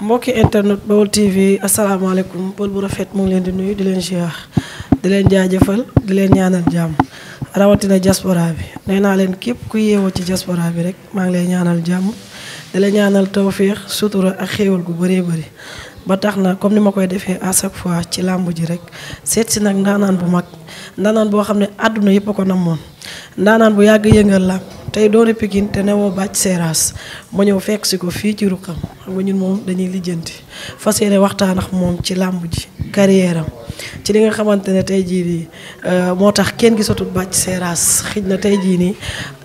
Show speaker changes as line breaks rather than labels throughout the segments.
mbokki internet Baol TV asalaamaaleykum Baol bu rafet mu ngi leen di nuyu di leen ziar di leen jaajëfal di leen ñaanal jàmm rawatina diaspora bi nee naa leen képp ku yeewoo ci diaspora bi rek maa ngi lay ñaanal jàmm di la ñaanal tawféex sutura ak xéewal gu bëree bëri. ba tax na comme ni ma koy defee à chaque fois ci làmb ji rek seet nag ndaanaan bu mag ndaanaan boo xam ne àdduna yëpp a ko namoon ndaanaan bu yàgg yëngal làmb tey doone Pikine te newoo bàcc seeraas ma ñëw fekk si ko fii ci ruqam xam nga ñun moom dañuy lijjanti fas yéene waxtaan ak moom ci làmb ji carrière am ci li nga xamante ne tey jii nii euh, moo tax kenn gisatul bàcc seeraas xëj na tey jii nii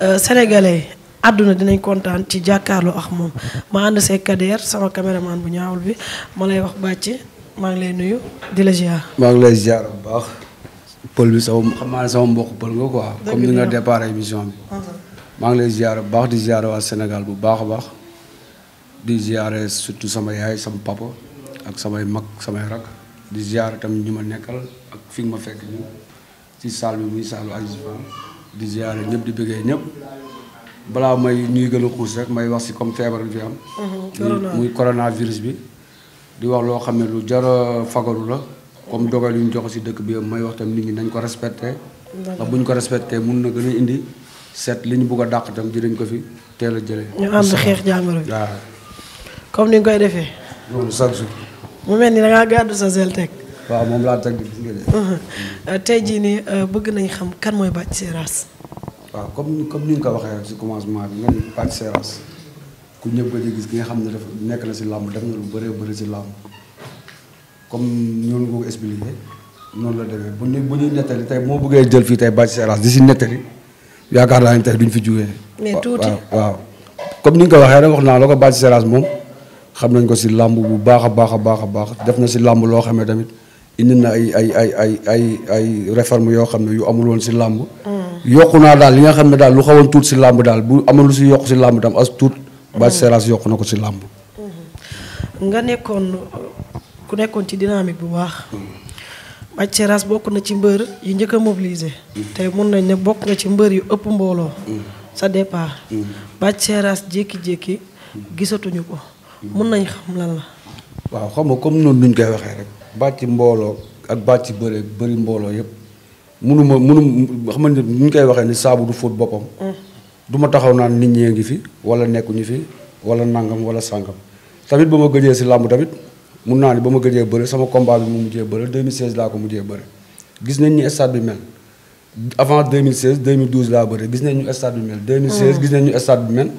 euh, sénégalais àdduna dinañ kontaan ci jàkkaarloo ak moom ma ànd sama caméraman bu ñaawul bi ma lay wax bàcc maa ngi lay nuyu di la ziar.
maa ngi lay ziar bu baax. pël bi sama xam naa comme ni nga départ émission bi. Ah. maa ngi lay ziare bu baax di ziare waa Sénégal bu baax a baax di ziare surtout sama yaay sama papa ak samay mag samay rak di ziare tamit ñi ma nekkal ak fi ma fekk ñu ci salle bi muy salle Aziz Ba di ziare ñëpp di bëggee ñëpp balaa may ñuy gën a xuus rek may wax si comme feebar bi fi am. Mhm, muy coronavirus bi. di wax loo xam ne lu jar a la comme dogal yu ñu jox si dëkk bi may wax tam nit ñi nañ ko respecté. ndax bu ko respecté mun na gën a indi. seet li ñu bugg a dàq tam dinañ ko fi teel a jëlee. ñu ànd xeex jàngoro bi waaw.
comme ni nga koy defee. loolu mu mel ni da ngaa sa zel teg.
waaw moom laa teg uh-huh.
uh, tey jii nii uh, bëgg nañ xam kan mooy Bathie Seras. waaw comme comme ni ñu ko
waxee rek si commencement bi nga ni Bathie Seras ku ñëpp di gis ki nga xam ne dafa nekk la si làmb def na lu bëree bëri si làmb comme ñoonu nga ko expliqué noonu la demee bu ñu bu ñuy nettali tey moo bëggee jël fii tey Bathie Seras di si nettali. yaakaar naa ne tey duñ fi jugee. mais tuuti waaw comme ni nga ko waxee rek wax naa la ko Bathie Seras moom xam nañ ko si làmb bu baax a baax a baax a baax def na si làmb loo xam ne tamit indi na ay ay ay ay ay ay réforme yoo xam ne yu amul woon si làmb. Mm. yokku naa daal li nga xam ne daal lu xawoon tuut si làmb daal bu amul lu si yokk si làmb tam as tuut. Bathie Seras yokku na ko si làmb.
Mm-hmm. nga nekkoon ku nekkoon ci dynamique bu baax. Mm. Bathie Seras bokk na ci mbër yi njëkk a mobiliser. tey mun nañ ne bokk nga ci mbër yu ëpp mbooloo. sa départ. Bathie Seras jékki-jékki. gisatuñu ko. mun nañ xam lan la.
waaw xam nga comme noonu nuñ koy waxee rek. Bathie mbooloo ak Bathie bëre bëri mbooloo yëpp munuma munum xam nga nuñ koy waxee ni saabu du fóot boppam. duma ma taxaw naan nit ñee ngi fi wala nekkuñu fi wala nangam wala sàngam tamit ba ma gëjee si làmb tamit. mun naa ne ba ma gëjee bëre sama combat bi mu mujjee bëre 2016 laa ko mujjee bëre gis nañ ni stade bi mel avant 2016 2012 laa bëre gis nañ ñu stade bi mel. 2016 mm. gis nañ ñu stade bi mel.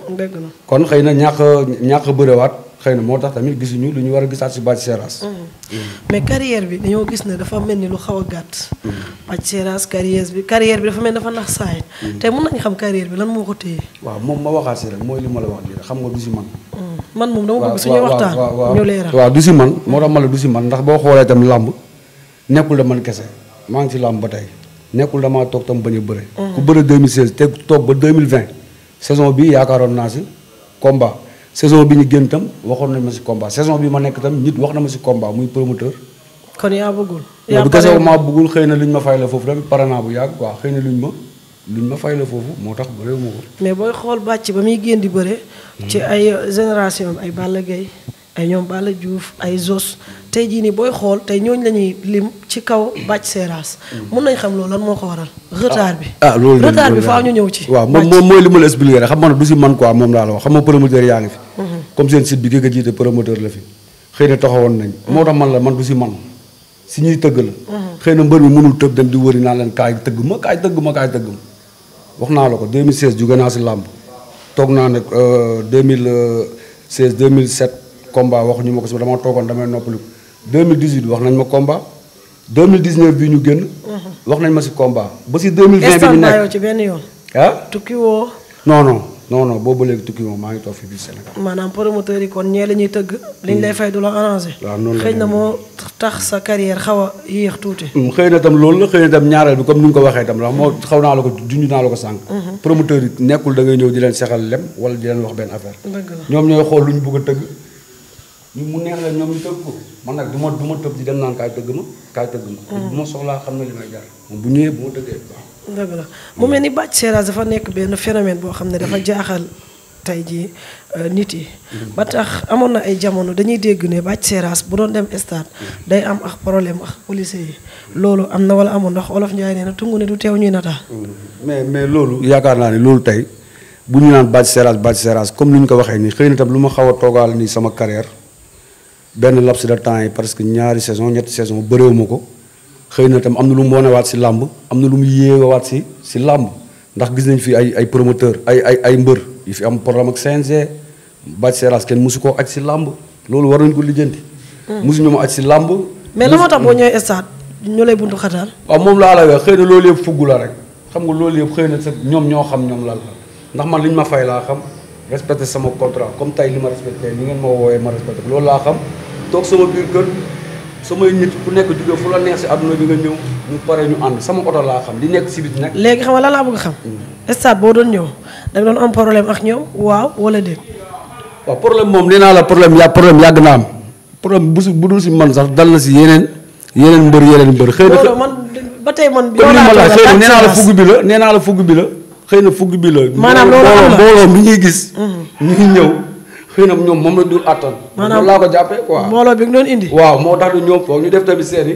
kon xëy na ñàkk a ñàkk a xëy na moo tax tamit gisuñu lu ñu war a gisaat si Bathie Seras.
Mm. mais carrière bi dañoo gis ne dafa mel ni lu xaw a gàtt. Mm. Bathie Seras carrière bi carrière bi dafa mel dafa nax saay. tey mën nañu xam carrière bi lan moo ko téye.
waaw moom ma waxaat si rek mooy ma la wax nii xam nga du si man.
man moom dama bëgg suñuy waxtaan
waaw du si man moo tax ma la du si man ndax boo xoolee tam làmb nekkul da man kese maa ngi si làmb ba tey nekkul damaa toog tam bañ a bëre mm. ku bëre 2016 te toog ba 2020 saison bi yaakaaroon naa si combat saison bi ñu génn tam waxoon na ma si combat saison bii ma nekk tam nit wax na ma si combat muy promoteur
kon yaa bëggul bu kese maa
bëggul xëy na lu ñu ma fay la foofu tamit pare bu yàgg waa xëy na lu ñu ma luñ ma fay la foofu moo tax bëreewu ma ko.
mais booy xool bàcc ba muy génn di bëre. ci ay génération ay Balla Gaye ay ñoom Balla Diouf ay Zos tey jii nii booy xool tey ñooñu lañuy ñuy lim ci kaw bàcc seeraas. mun nañ xam loolu lan moo ko waral. retard bi ah, ah loolu retard bi faaw ah. ñu ñëw ci. waaw moom moom mooy li
ma la expliqué rek xam nga du si man quoi moom laa la wax xam nga promoteur yaa ngi fi. Mhm. comme seen site bi ki nga jiite promoteur la fi xëy na taxawoon nañ moo tax man la man du si man si ñuy tëgg la. Mhm. xëy na mbër mi mënul tëb dem di wëri naa leen kaay tëgg ma kaay tëgg ma kaay wax naa la ko 2016 jóge naa si làmb toog naa nag 2016 2007 combat wax ñu ma ko si dama toogoon damay noppaliku 2018 wax nañ ma combat 2019 bi ñu génn. Mhm. wax nañ ma si combat ba si 2020 bi ñu nekk ci benn yoon. ah tukki woo. non non non non tukki woo maa ngi toog fi biir Sénégal.
maanaam promoteurs yi kon ñee la tëgg. liñ lay hmm.
fay du la arrangé. xëy na
moo. tax sa carrière xaw a yéex tuuti.
Mm, xëy na tam loolu la xëy na tam ñaareel bi comme ni nga ko waxee tam ndax moo xaw naa la ko junj naa la ko sànq. Mm-hmm. promoteur yi nekkul da ngay ñëw di leen sexal lem wala di leen wax benn affaire.
ñoom ñooy xool lu ñu
bëgg a tëgg. dëgg
la mu mel ni Bathie Seras dafa nekk benn phénomène boo xam ne dafa jaaxal. tey jii euh, nit yi. ba tax amoon na ay jamono dañuy dégg ne bàcc seeraas bu doon dem stade day am ak problème ak policier yi loolu am na wala amoon ndax olof Njaay nee na tungu ne du teew ñuy nataa.
mais mais loolu yaakaar naa ne loolu tey bu ñu naan bàcc seeraas bàcc seeraas comme ni ñu ko waxee nii xëy na tam lu ma xaw a toogaal nii sama carrière benn laps de temps yi parce que ñaari saison ñetti saison bëreewuma ko xëy na tam am na lu mu wonewaat si làmb am na lu mu yéewaat si si làmb ndax gis nañ fi ay ay promoteur ay ay ay mbër. yi fi am problème ak CNG Bac Seras kenn mosu koo aj si làmb loolu war nañu ko lijjanti. mosu hmm. ñu ma aj si làmb.
mais la moo tax boo ñëwee stade ñu lay buntu xataal.
moom laa la wax xëy na loolu yëpp rek xam nga loolu yëpp xëy na sa ñoom ñoo xam ñoom lan la ndax man li ma fay laa xam respecté sama contrat comme tay li ma respecté ni ngeen ma woowee ma respecté loolu laa xam toog sama biir kër samay nit nekk jóge la neex si àdduna bi nga ñëw ñu ñu ànd sama oto laa xam li nekk si bit nag.
léegi xam nga laa xam. Hmm. stade boo doon ñëw.
da nga doon am problème ak ñëw waaw wala déet. waaw problème moom nee naa la problème ya problème yàgg naa am problème bu si bu dul si man sax dal na si yeneen yeneen mbër yeneen mbër. xëy na
man ba tey man. naa la fugg bi
la nee naa la fugg bi la xëy na fugg bi maanaam loolu mbooloo mi ñuy gis. ñu mm-hmm. ngi ñëw. xëy na ñoom moom la dul attan. maanaam laa ko jàppee ko mbooloo bi nga doon indi. waaw moo tax ñoom ñu def tamit seen i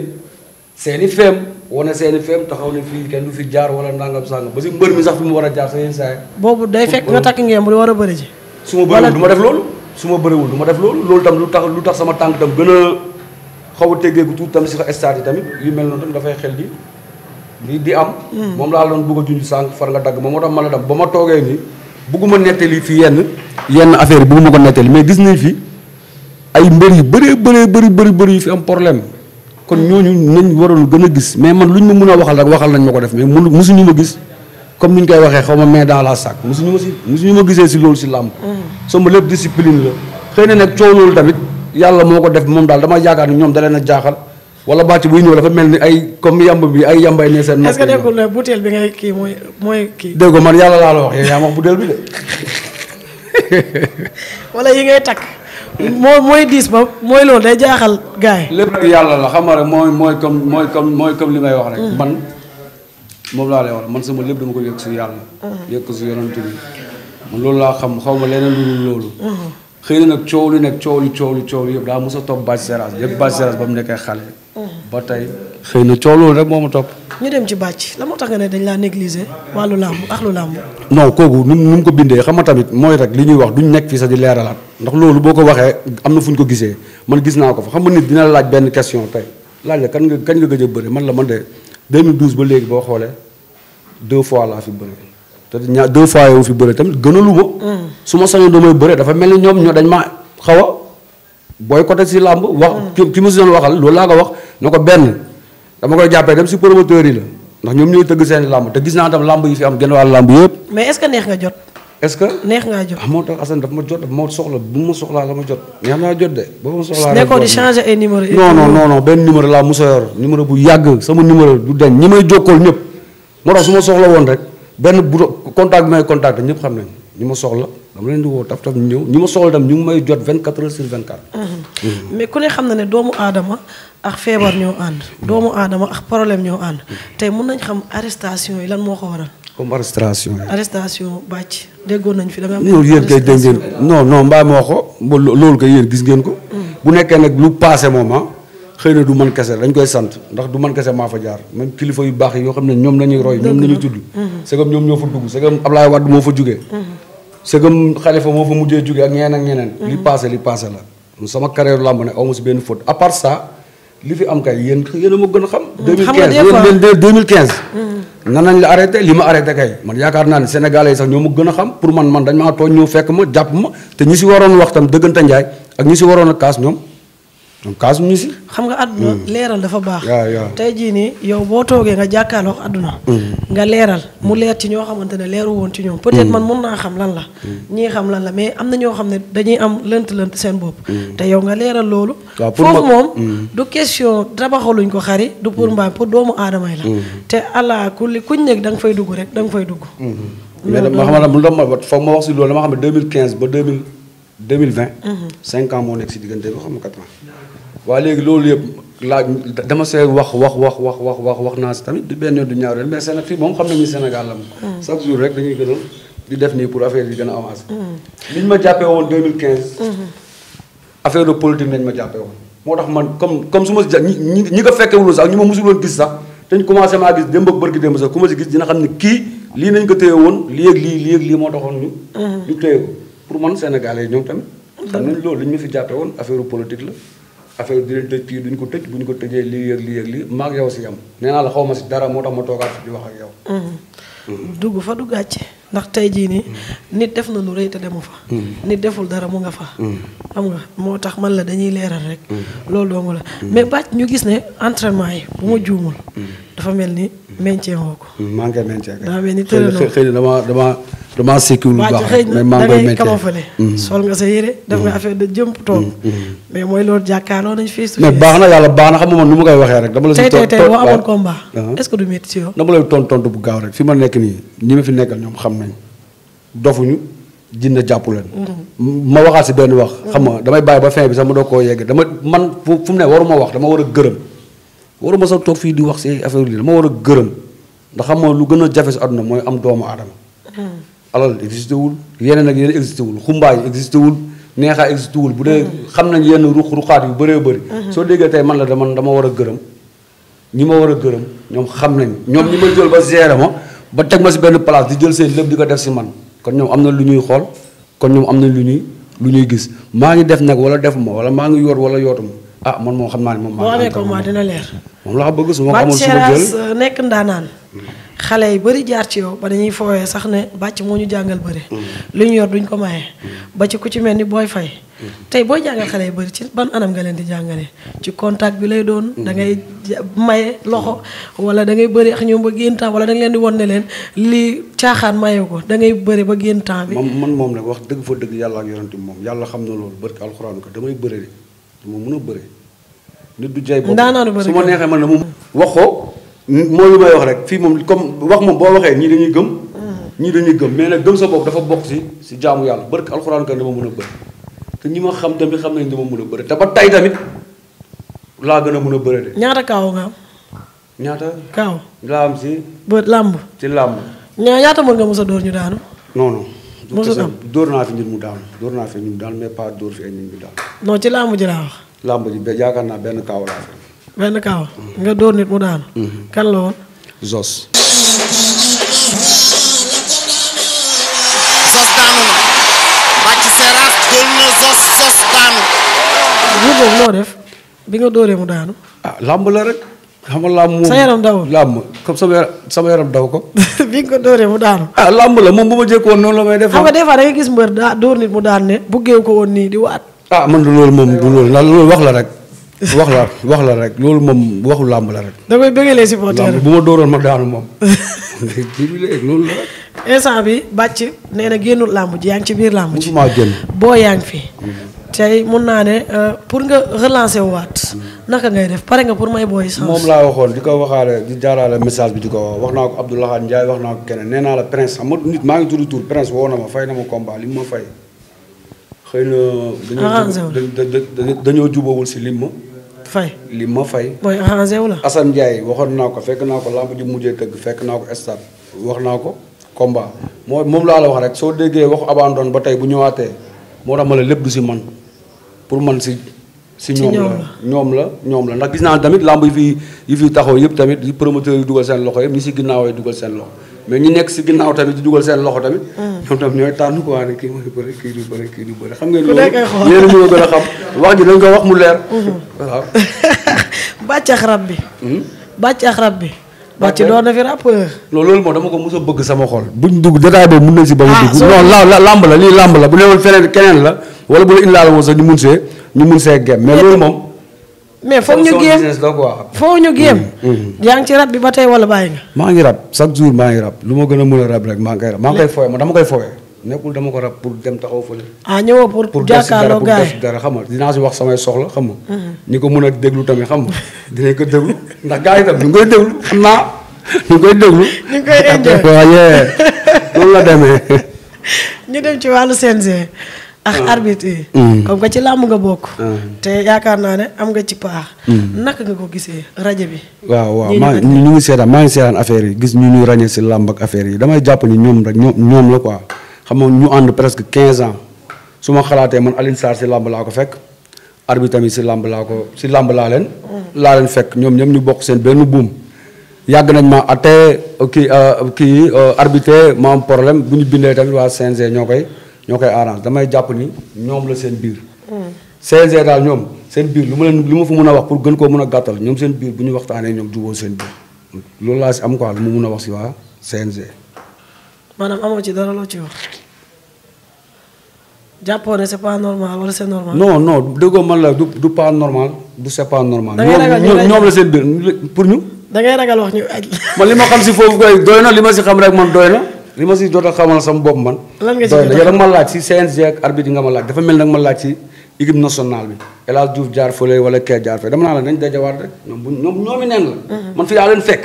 seen i feem. wane seen i feem taxaw ne fii kenn du fi jaar wala ndangam sàngam ba si mbër mi sax fi mu war a jaar sa yenn saa boobu day fekk nga
takk ngeen bu war a bëri ji. su ma bëriwul ma def loolu.
su ma bëriwul du ma def loolu loolu tam lu tax lu tax sama tànk tam gën a xaw a teggeeku tuuti tam si stade yi tamit yu mel noonu tam dafay xel di di am. Hmm. moom laa doon bëgg a junj far nga dagg moom moo tax ma a dem ba ma toogee nii bëgguma nettali fii yenn yenn affaire yi bëgguma ko nettali mais gis nañ fi ay mbër yu bëree bëree bëri bëri bëri yu fi am problème kon ñooñu nañ waroon gën a gis mais man lu ñu ma mën a waxal rek waxal nañ ma ko def mais mënu mosuñu ma gis comme ni ñu koy waxee xaw ma mais dans la sac mosuñu ma si mosuñu ma gisee si mm. loolu tamit yàlla moo ko def moom daal dama yaakaar ni ñoom da leen jaaxal wala bàcc buy ñëw dafa mel ni ay comme yamb bi ay yambay ne seen. est-ce que nekkul
butéel bi ngay kii mooy mooy kii. dégg man yàlla laa la wax
yow yaa ma wax butéel bi de.
wala yi ngay takk. moo mooy diis
ba mooy loolu day jaaxal gars yi. lépp yàlla la xam nga rek mooy mooy comme mooy comme mooy comme li may wax rek. Mm. man moom laa lay wax man sama lépp dama ko yëg si yàlla. Mm-hmm. yëg si yonent bi man loolu laa xam xaw ma leneen lu dul loolu. Mm-hmm. xëy na nag coow li nekk coow li coow li coow li yëpp daa mos a topp Bathie Seras yëpp Bathie Seras ba mu nekkee xale. Mm-hmm. ba tey. xëy na coow loolu rek moo ma topp.
ñu dem ci bàcc la moo tax nga ne dañ laa négliger wàllu làmb ak lu làmb.
non kooku nu mu ko bindee xam nga tamit mooy rek li ñuy wax du ñu nekk fii sax di leeralaat ndax loolu boo ko waxee am na fu ñu ko gisee man gis naa ko fa xam nga nit dina la laaj benn question tey laaj la nga kañ nga bëri man la man de 2012 ba léegi boo xoolee deux fois laa fi bëri te ñaar deux fois yow fi bëri tamit gënalu ma. Mm. su ma sañoon damay bëri dafa mel ni ñoom ñoo dañ ma xaw a boycotté si làmb. wax mm. ki ki ma si waxal loolu laa ko wax na ko benn dama koy jàppee dem si promoteur yi la ndax ñoom ñooy tëgg seen làmb te gis naa tam làmb yi fi am genn wàll làmb yëpp.
mais est-ce que neex nga jot.
est neex ngaa jot ah, moo tax Assane daf ma jot daf soxla bu ma soxlaa la ma jot neex naa jot de ba ma soxlaa nekkoon di changer
ay numéro non non non
non benn numéro laa mos a yor numéro bu yàgg sama numéro du deñ ñi may jokkool ñëpp moo tax su ma soxla woon rek benn bu contact bi may contact ñëpp xam nañ ñi ma soxla dama leen di taf taf ñëw ñu ma soxla tam ñu may jot 24 heures sur 24.
mais ku ne xam na ne doomu aadama ak feebar ñoo ànd. doomu aadama ak problème ñoo ànd. tey mun nañ xam arrestation yi lan moo ko waral.
comme arrestation
bàcc déggoon nañ fi da nga am. non yéen kay dégg
moo ko ba loolu kay gis ngeen ko. bu nekkee nag lu passé moom ah xëy na du man kese dañ koy sant ndax du man kese maa fa jaar même kilifa yu baax yi yoo xam ne ñoom la ñuy roy. ñoom la ñuy tudd. c'est ñoom ñoo fa dugg c'est comme Ablaye Wade moo fa jugee. sëgëm xalifa moo fa mujjee jóge ak ñeneen ak ñeneen. li mhm. passé li passé la. sama carrière làmb ne aw ma si benn faute à part li fi am kay yéen yéen ma gën a xam. Mhm. xam nga des fois 2015 mhm. nan nañ la li ma arrêté kay man yaakaar naa ne sénégalais yi sax ñoo ma gën a xam pour man man dañ maa tooñ ñëw fekk ma jàpp ma te ñi si waroon wax dëggante njaay ak ñi si waroon a kaas ñoom donc ñu si. xam nga àdduna hmm.
leeral dafa baax. tey jii nii yow boo toogee nga jàkkaarloo àdduna. Hmm. nga leeral mu leer ci ñoo xamante ne leeru woon ci ñoom. Hmm. peut-être man mën naa xam lan la. ñii xam lan la mais am na ñoo xam ne dañuy am lënt-lënt seen bopp. te yow nga leeral loolu. foofu moom du question tabaxaluñ ko xari du pour mbaam pour doomu aadama la. te allah kulli kuñ nekk da fay dugg rek da nga fay dugg. mais dama xam ne
bu ma foog dama xam ne 2015 2020. 5 mhm. ans moo nekk si diggante bi xam nga 4 ans. waaye léegi loolu yëpp laaj dama see wax wax wax wax wax wax naa si tamit du benn du ñaar yoon mais Sénégal fii moom xam nañu Sénégal la moom. Mhm. chaque jour rek dañuy gën a di def nii pour affaire yi gën a avancé.
li
mhm. ñu ma jàppee woon 2015. affaire de politique lañ ma jàppee woon. moo tax man comme comme su ma si ja ñi ñi ñi fekkewuloon sax ñu ma musul woon gis sax te ñu commencé maa gis démb ak bërki démb sax ku ma si gis dina pour man Sénégalais ñoom tamit xam nañ loolu li ñu fi jàppe woon affaire politique la affaire di tëj kii duñ ko tëj bu ñu ko tëjee lii yëg lii yëg lii maag yow si yam nee la xaw ma si dara moo tax ma toogaat fi di wax ak yow mm-hmm. Mm-hmm.
dugg fa du gàcce ndax tey jii nii mm-hmm. nit def na lu rëy te demu fa nit deful dara mu nga fa xam nga moo tax man la dañuy leeral rek loolu dong la mais bàcc ñu gis ne entraînement yi bu ma juumul dafa mel ni maintien woo ko
maa ngi koy maintien
daa mel ni tëral
damaa sékkiwul bu baax rek mais maa ngi koy méttee mm. sol nga sa yére a nga mm. affaire de jëmp toog mm,
mais mooy loolu jàkkaarloo nañ fii mais baax
na yàlla baax na xam nga man nu ma koy waxee rek dama la tey tey tey boo amoon combat uh-huh. est-ce que du métti bu gaaw rek fi ma nekk nii ñi ma fi nekkal ñoom xam nañ dofuñu jinne jàpp mm-hmm. ma waxaat si benn wax mm-hmm. xam nga damay bàyyi ba fin bi sax ma doo koo yegg dama man fu mu ne waruma wax dama war a gërëm waruma sax toog fii di wax si affaire lii dama war a gërëm ndax xam nga lu gën a jafe si àdduna alal existé wul yeneen ak yeneen existé wul xumbaay existé wul neexaa existé wul bu dee mm-hmm. xam nañ yenn ruq ruqaat yu bëree bëri mm-hmm. soo déggee tey man la dama dama war a gërëm ñi ma war a gërëm ñoom xam nañ ñoom ñi ma jël ba gérer ma ba teg ma si benn place di jël seen lépp di ko def si man kon ñoom am na lu ñuy xool kon ñoom am na lu ñuy lu ñuy gis maa ngi def nag wala ma wala maa ngi yor wala yootuma ah man moom xam naa ne moom maa ngi amee ko maa dina leer moom la xam bëgg su ma xamul ma jël
euh, nekk ndaanaan mm-hmm. xale yi bëri jaar ci yow ba dañuy foowee sax ne bàcc moo ñu jàngal bëri. Mm. lu ñu yor duñ ko maye. Mm. ba ci ku ci mel ni booy fay. Mm. tey booy jàngal xale yi bëri ci ban anam nga leen di jàngale ci contact bi lay doon. da ngay maye loxo wala da ngay bëri ak ñoom ba génn temps wala da nga leen di won ne leen lii caaxaan maye ko da ngay bëri ba génn temps bi. man moom
nag wax dëgg fa dëgg yàlla ak yonent moom yàlla xam na loolu barke alxuraan ko damay bëri de dama mën a bëri. nit du jaay bopp daanaanu bëri na mooy lu may wax rek fii moom comme wax moom boo waxee ñii dañuy gëm. Mm. ñii dañuy gëm mais nag gëm sa bopp dafa bokk si si jàmm yàlla barke alxuraan kan dama a bëri ñi ma xam tamit xam nañ dama mën a bëri te ba tey tamit laa gën a mën a bëri de.
ñaata kaaw nga am.
ñaata. kaaw laa am si. ba làmb. ci làmb.
ñaa ñaata mën nga mos a dóor ñu daanu.
noonu non. mos a am dóor naa fi nit mu daanu dóor naa fi nit mu daanu mais pas dóor fi ay nit mu daanu.
non ci làmb ji laa wax.
làmb ji ba yaakaar naa benn kaaw laa fi.
benn kaaw nga dóor nit mu daanu. Mm-hmm. kan la woon.
Zos. Zos daanu na. bàcc seeraas dóor na Zos Zos daanu.
bu boobu noo def bi nga dóoree mu daanu. ah làmb la rek. xam nga làmb moom sa yaram daw làmb comme sama yaram
sama yaram daw ko.
bi nga ko dóoree
mu daanu. ah làmb la moom bu ma jékkoon noonu la may def. xam nga des
fois da ngay gis mbër daa dóor nit mu daan ne. buggeewu ko woon nii di waat. ah man du
loolu moom du loolu ndax loolu wax la rek. wax la wax la rek loolu moom waxu làmb la rek.
da koy bëggalee supporter bu ma dooroon ma
daanu moom. loolu la rek.
instant bi bàcc nee na génnul làmb ji yaa ngi ci biir làmb ji. boo yaa ngi fi. tey mun naa ne euh, pour nga relancer waat. naka ngay def pare nga pour may booy. moom laa
waxoon di ko waxaale di jaaraale message bi di ko wax wax naa ko Abdou Lahad Ndiaye wax naa ko keneen nee naa la prince xam nit maa ngi tudd tur prince woo na ma fay na ma combat li ma fay. xëy na dañoo dañoo jubóowul si lim ma. fay li ma fay. mooy arrangé wu la. Assane Ndiaye waxoon naa ko fekk naa ko lamb ji mujjee tëgg fekk naa ko stade wax naa ko combat moo moom laa la wax rek soo déggee waxu abandon ba tey bu ñëwaatee moo tax ma la lépp du si man pour man si. si ñoom la ñoom la ñoom la ndax gis naa tamit lamb yi fi yi fi taxaw yëpp tamit yi promoteurs yi dugal seen loxo yëpp ñi si ginnaaw dugal seen loxo. mais ñu nekk si ginnaaw tamit di dugal seen loxo tamit. Hmm. ñoom tam ñooy tànn quoi ne kii mooy bëri kii du bëri kii du bëri xam ngeen. a a gën a xam wax ji dañ ko wax mu leer. waaw.
Hmm. bàccax rab bi. Hmm? bàccax rab bi. loolu moom dama ko mos a bëgg sama xol
buñ dugg détail boobu mun nañ si bañ ah, dugg. non la la làmb la lii làmb la bu newoon feneen keneen la wala bu la indaale woon sax ñu mun see ñu mun see gem mais loolu moom.
mais foog ñu géem foog ñu géem mm, mm. yaa ngi ci rab bi ba tey wala bàyyi nga
maa ngi rab chaque jour maa ngi rab lu ma gën a mën a rab rek maa ngi koy rab ma dama koy fooye nekkul dama ko rab pour dem taxaw fële
ah ñëwoo pour pour jàkkaarloo gaay pour
dara xam nga dinaa si mm-hmm. a déglu tamit xam nga dinañ ndax gars yi tam ñu ngi koy déglu ngi koy déglu ñu ngi la demee
ñu dem ci wàllu CNG ak ah, ah. arbitre yi. Mm. comme que ci làmb nga bokk. Ah. te yaakaar naa ne am nga ci paax. Mm. naka nga ko gisee rajo bi.
waaw waaw maa ñu ngi seetaan maa ngi seetaan affaire yi gis ñu ñuy ràññee si làmb ak affaire yi damay jàpp ni ñoom rek ñoom ñoom la ko xam nga ñu ànd presque quinze ans su ma xalaatee man Alioune Sarr si làmb laa ko fekk arbitre tamit si làmb laa ko si làmb laa leen. Mm. laa leen fekk ñoom ñoom ñu bokk seen benn buum. yàgg nañ ma atte euh, kii euh, kii euh, arbitre ma am problème bu ñu bindee tamit waa CNG ñoo koy. ñoo koy arrange damay jàpp ni ñoom la seen biir. Hmm. CNG daal ñoom seen biir lu ma leen lu ma fa mun a wax pour gën koo mën a gàttal ñoom seen biir bu ñu waxtaanee ñoom jubóo seen biir loolu laa si am quoi lu ma a wax si waa
maanaam amoo ci dara loo ci wax. jàppoo ne c'est pas normal wala c'est normal. non
la du du normal du c'est pas normal. ñoom ñoom la seen biir pour ñu.
da ragal wax ñu aj
man li ma xam si foofu koy doy na li ma si xam rek man doy na. li ma si dootal xamal sama bopp man.
lan ma
laaj si CNG ak arbitre yi nga ma laaj mel nag ma laaj si équipe bi El jaar fële wala Kelle jaar fële dama naa la nañ dajawaat rek ñoom bu ñoom ñoomi neen la. Mm-hmm. man fi fekk.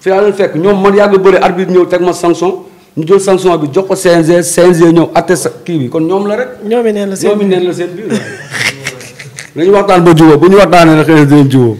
fi yaa leen fekk ñoom man yàgg bëre arbitre ñëw teg ma sanction ñu jël bi jox ko CNG CNG ñëw sa kii bi kon ñoom la rek. ñoomi neen la seen biir ñoomi neen la seen biir. nañu waxtaan ba jubóo bu ñu waxtaanee rek xëy na dinañ jubóo